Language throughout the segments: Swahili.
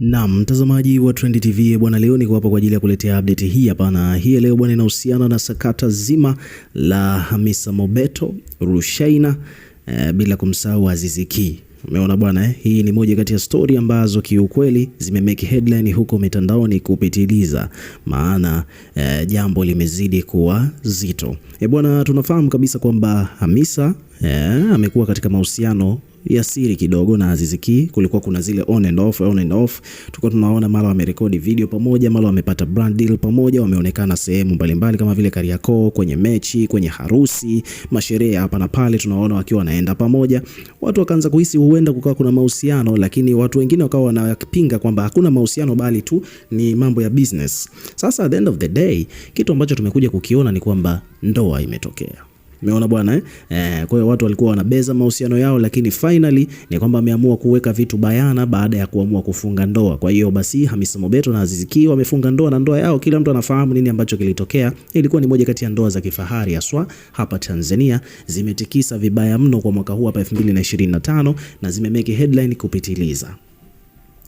Na mtazamaji wa Trend TV bwana, leo niko hapa kwa ajili ya kuletea update hii hapa, na hii leo bwana inahusiana na sakata zima la Hamisa Mobeto, Rushaina eh, bila kumsahau Aziziki. Umeona bwana eh? Hii ni moja kati ya stori ambazo kiukweli zimemeki headline huko mitandaoni kupitiliza, maana eh, jambo limezidi kuwa zito. E bwana, tunafahamu kabisa kwamba Hamisa eh, amekuwa katika mahusiano ya siri kidogo na Azizi Ki. Kulikuwa kuna zile on and off, on and off, tulikuwa tunaona mara wamerekodi video pamoja, mara wamepata brand deal pamoja, wameonekana sehemu mbalimbali kama vile Kariakoo, kwenye mechi, kwenye harusi, masherehe hapa na pale, tunaona wakiwa wanaenda pamoja. Watu wakaanza kuhisi huenda kukawa kuna mahusiano, lakini watu wengine wakawa wanapinga kwamba hakuna mahusiano, bali tu ni mambo ya business. Sasa at the end of the day, kitu ambacho tumekuja kukiona ni kwamba ndoa imetokea. Umeona bwana eh? Eh, kwa hiyo watu walikuwa wanabeza mahusiano yao, lakini finally ni kwamba ameamua kuweka vitu bayana baada ya kuamua kufunga ndoa. Kwa hiyo basi Hamisa Mobeto na Azizi Ki wamefunga ndoa na ndoa yao kila mtu anafahamu nini ambacho kilitokea. Ilikuwa ni moja kati ya ndoa za kifahari haswa hapa Tanzania, zimetikisa vibaya mno kwa mwaka huu hapa 2025 na zimemeki headline kupitiliza.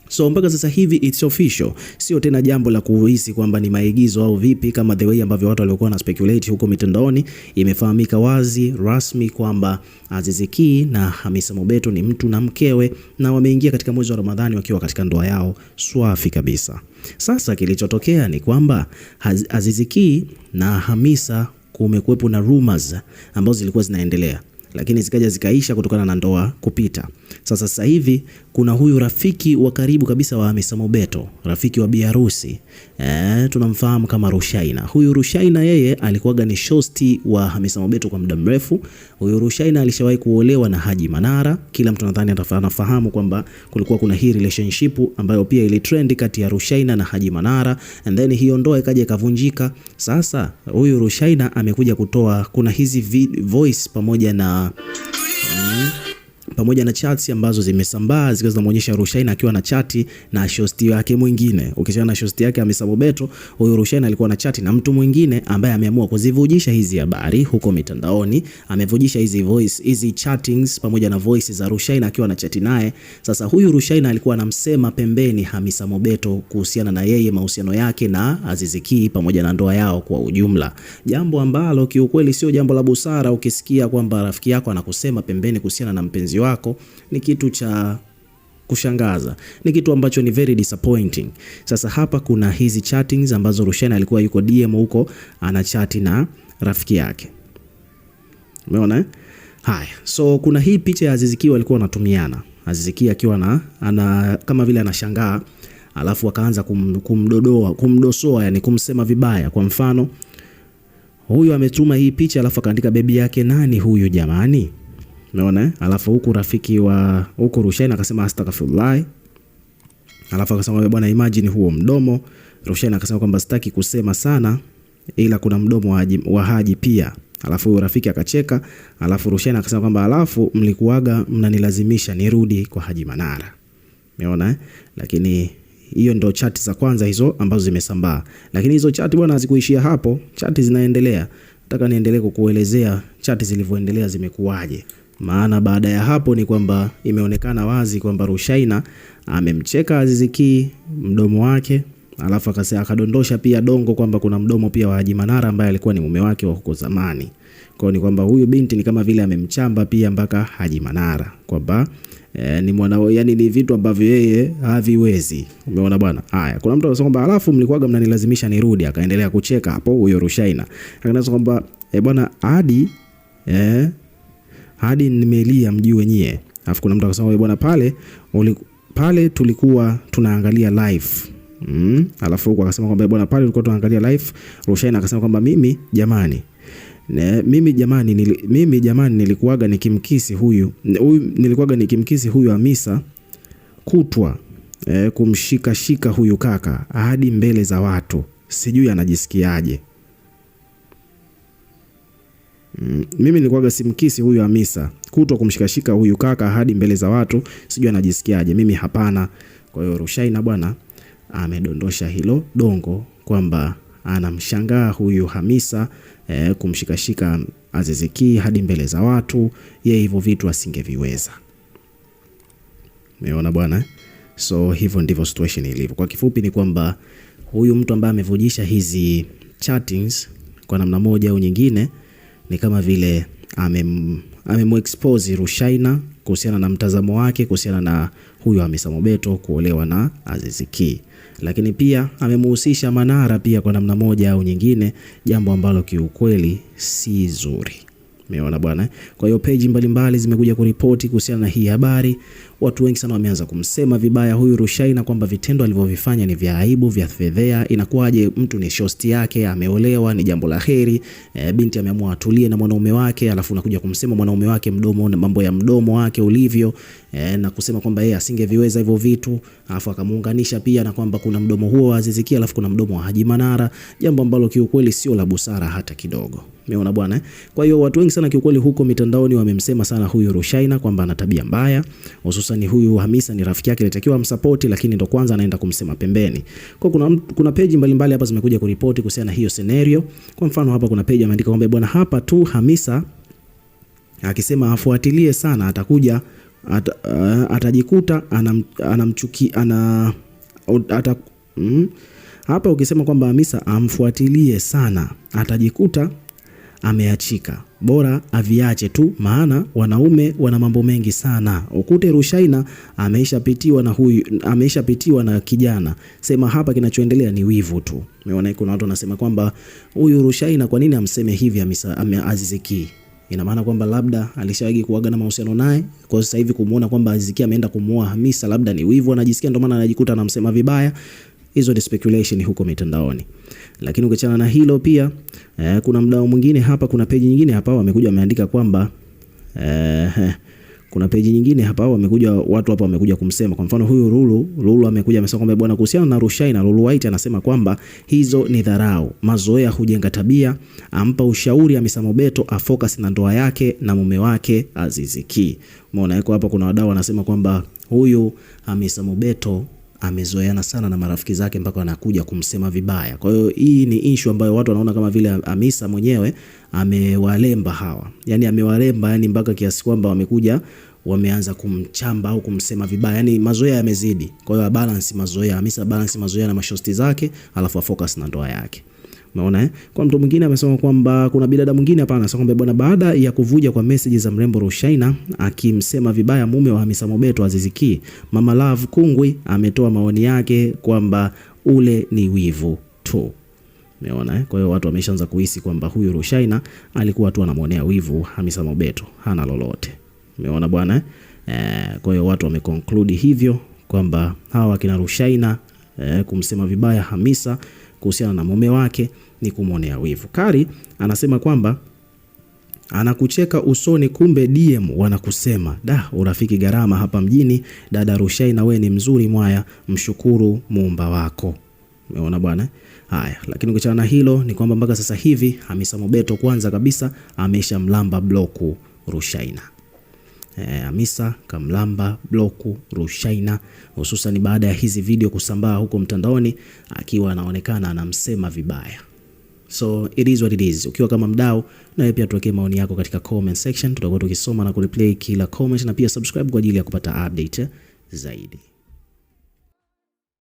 So mpaka sasa hivi it's official, sio tena jambo la kuhisi kwamba ni maigizo au vipi, kama the way ambavyo watu walikuwa na speculate huko mitandaoni. Imefahamika wazi rasmi kwamba Azizi Ki na Hamisa Mobeto ni mtu na mkewe, na wameingia katika mwezi wa Ramadhani wakiwa katika ndoa yao swafi kabisa. Sasa kilichotokea ni kwamba Azizi Ki na Hamisa kumekuwepo na rumors ambazo zilikuwa zinaendelea lakini zikaja zikaisha kutokana na ndoa kupita. Sasa sasa hivi kuna huyu rafiki wa karibu kabisa wa Hamisa Mobeto, rafiki wa Bi Harusi e, eh, tunamfahamu kama Rushaina. Huyu Rushaina yeye alikuwaga ni shosti wa Hamisa Mobeto kwa muda mrefu. Huyu Rushaina alishawahi kuolewa na Haji Manara, kila mtu nadhani anafahamu kwamba kulikuwa kuna hii relationship ambayo pia ilitrend kati ya Rushaina na Haji Manara, and then hiyo ndoa ikaja ikavunjika. Sasa huyu Rushaina amekuja kutoa kuna hizi voice pamoja na uh, pamoja na chats ambazo zimesambaa zikiwa zinamuonyesha Rushaina akiwa na chati na shosti yake mwingine. Ukichana na shosti yake Amisabobeto, huyo Rushaina alikuwa na chati na mtu mwingine ambaye ameamua kuzivujisha hizi habari huko mitandaoni, amevujisha hizi voice, hizi chattings pamoja na voice za Rushaina akiwa na chati naye. Sasa huyu Rushaina alikuwa anamsema pembeni Hamisa Mobeto kuhusiana na yeye mahusiano yake na Aziziki pamoja na ndoa yao kwa ujumla, jambo ambalo kiukweli sio jambo la busara ukisikia kwamba rafiki yako anakusema pembeni kuhusiana na mpenzi wako wako ni kitu cha kushangaza, ni kitu ambacho ni very disappointing. Sasa hapa kuna hizi chatings ambazo Rushayn alikuwa yuko DM huko ana chat na rafiki yake, umeona eh? Haya, so kuna hii picha ya Aziziki walikuwa wanatumiana, Aziziki akiwa na ana kama vile anashangaa, alafu akaanza kum, kumdodoa kumdosoa, yani kumsema vibaya. Kwa mfano huyu ametuma hii picha, alafu akaandika bebi yake nani huyu jamani umeona. eh? Alafu huku rafiki wa huku Rushaini akasema astaghfirullah. Alafu akasema bwana, imagine huo mdomo. Rushaini akasema kwamba sitaki kusema sana, ila kuna mdomo wa Haji, wa Haji pia. Alafu rafiki akacheka. Alafu Rushaini akasema kwamba alafu mlikuaga mnanilazimisha nirudi kwa Haji Manara, umeona eh? Lakini hiyo ndo chati za kwanza hizo ambazo zimesambaa, lakini hizo chati bwana hazikuishia hapo. Chati zinaendelea, nataka niendelee kukuelezea chati zilivyoendelea zimekuwaje. Maana baada ya hapo ni kwamba imeonekana wazi kwamba Rushaina amemcheka Aziziki mdomo wake, alafu akasema akadondosha pia dongo kwamba kuna mdomo pia wa Haji Manara ambaye alikuwa ni mume wake wa huko zamani. Kwa ni kwamba huyu binti ni kama vile amemchamba pia mpaka Haji Manara kwamba eh, ni mwana yani, ni vitu ambavyo yeye haviwezi. Umeona bwana? Haya, kuna mtu anasema kwamba alafu mlikuwaga mnanilazimisha nirudi, akaendelea kucheka hapo huyo Rushaina. Akasema kwamba eh, bwana hadi eh hadi nimelia mji wenyewe. Alafu kuna mtu akasema bwana, pale pale tulikuwa tunaangalia live mm. Alafu huko akasema kwamba eh, bwana, pale tulikuwa tunaangalia live. Rushaina akasema kwamba mimi jamani Ne, mimi jamani nil, mimi jamani nilikuwaga nikimkisi huyu huyu nilikuwaga nikimkisi huyu Hamisa kutwa kumshika eh, kumshikashika huyu kaka hadi mbele za watu, sijui anajisikiaje. Mm, mimi nilikuwaga simkisi huyu Hamisa kutwa kumshikashika huyu kaka hadi mbele za watu, sijui anajisikiaje. Mimi hapana. Kwa hiyo Rushaina bwana amedondosha hilo dongo kwamba anamshangaa huyu Hamisa eh, kumshikashika Aziziki hadi mbele za watu, ye hivyo vitu asingeviweza. Meona bwana, eh? so hivyo ndivyo situation ilivyo. Kwa kifupi ni kwamba huyu mtu ambaye amevujisha hizi chatings kwa namna moja au nyingine ni kama vile amemexpose ame Rushaina kuhusiana na mtazamo wake kuhusiana na huyo Hamisa Mobeto kuolewa na Aziz Ki, lakini pia amemuhusisha Manara pia kwa namna moja au nyingine, jambo ambalo kiukweli si zuri. Umeona bwana. Eh? Kwa hiyo peji mbalimbali zimekuja kuripoti kuhusiana na hii habari, watu wengi sana wameanza kumsema vibaya huyu Rushaina kwamba vitendo alivyovifanya ni vya aibu, vya fedhea. Inakuwaje mtu ni shosti yake, ameolewa, ni jambo la heri e, binti ameamua atulie na mwanaume wake, alafu unakuja kumsema mwanaume wake mdomo na mambo ya mdomo wake ulivyo e, na kusema kwamba yeye asingeviweza hivyo vitu, alafu akamuunganisha pia na kwamba kuna mdomo huo wa Aziz Ki, alafu kuna mdomo wa Haji Manara, jambo ambalo kiukweli sio la busara hata kidogo. Umeona bwana eh? Kwa hiyo watu wengi sana kiukweli huko mitandaoni wamemsema sana huyu Rushaina kwamba ana tabia mbaya hususan hususan huyu Hamisa ni rafiki yake, alitakiwa amsapoti, lakini ndo kwanza anaenda kumsema pembeni. Kwa kuna, kuna peji mbalimbali hapa zimekuja kuripoti kuhusiana na hiyo scenario. Kwa mfano hapa kuna peji ameandika kwamba bwana, hapa tu Hamisa akisema afuatilie sana atakuja at, uh, atajikuta anam, anamchuki ana ata, mm, hapa ukisema kwamba Hamisa amfuatilie sana atajikuta ameachika, bora aviache tu, maana wanaume wana mambo mengi sana. Ukute Rushaina ameishapitiwa na huyu, ameishapitiwa na kijana, sema hapa kinachoendelea ni wivu tu. Umeona, kuna watu wanasema kwamba huyu Rushaina kwa nini amseme hivi Aziziki? Ina maana kwamba labda alishawahi kuaga na mahusiano naye, kwa sasa hivi kumuona kwamba Aziziki ameenda kumuoa Hamisa, labda ni wivu anajisikia, ndio maana anajikuta anamsema vibaya. Hizo ni speculation huko mitandaoni. Lakini ukichana na hilo pia eh, kuna mdao mwingine hapa, kuna peji nyingine hapa wamekuja wameandika kwamba eh, kuna peji nyingine hapa wamekuja watu hapa wamekuja kumsema. Kwa mfano huyu Lulu, Lulu amekuja amesema kwamba bwana, kuhusiana na Rushaynah, Lulu White anasema kwamba hizo ni dharau, mazoea hujenga tabia. Ampa ushauri Hamisa Mobeto afocus na ndoa yake na mume wake Aziz Ki. Umeona, yuko hapa kuna wadau wanasema kwamba huyu Hamisa Mobeto amezoeana sana na marafiki zake mpaka anakuja kumsema vibaya. Kwa hiyo hii ni issue ambayo watu wanaona kama vile Hamisa mwenyewe amewalemba hawa, yani amewalemba, yani mpaka kiasi kwamba wamekuja wameanza kumchamba au kumsema vibaya, yani mazoea yamezidi. Kwa hiyo balance mazoea, Hamisa balance mazoea na mashosti zake, alafu afocus na ndoa yake. Umeona eh? Kwa mtu mwingine amesema kwamba kuna bidada mwingine hapa anasema kwamba bwana, baada ya kuvuja kwa message za mrembo Rushaina akimsema vibaya mume wa Hamisa Mobeto Aziz Ki, Mama Love Kungwi ametoa maoni yake kwamba ule ni wivu tu. Umeona eh? Kwa hiyo watu wameshaanza kuhisi kwamba huyu Rushaina alikuwa tu anamwonea wivu Hamisa Mobeto, hana lolote. Umeona bwana eh? Eh, kwa hiyo watu wameconclude hivyo kwamba hawa kina Rushaina eh, kumsema vibaya Hamisa kuhusiana na mume wake ni kumwonea wivu. Kari anasema kwamba anakucheka usoni, kumbe DM wanakusema. Da, urafiki gharama hapa mjini. Dada Rushai, na we ni mzuri mwaya, mshukuru muumba wako. Umeona bwana. Haya, lakini kuchana na hilo ni kwamba mpaka sasa hivi Hamisa Mobeto kwanza kabisa ameshamlamba bloku Rushaina. Hamisa eh, e, Kamlamba Bloku Rushaina, hususan baada ya hizi video kusambaa huko mtandaoni akiwa anaonekana anamsema vibaya. So it is what it is. Ukiwa kama mdau, wewe pia tuwekee maoni yako katika comment section, tutakuwa tukisoma na kureplay kila comment, na pia subscribe kwa ajili ya kupata update zaidi.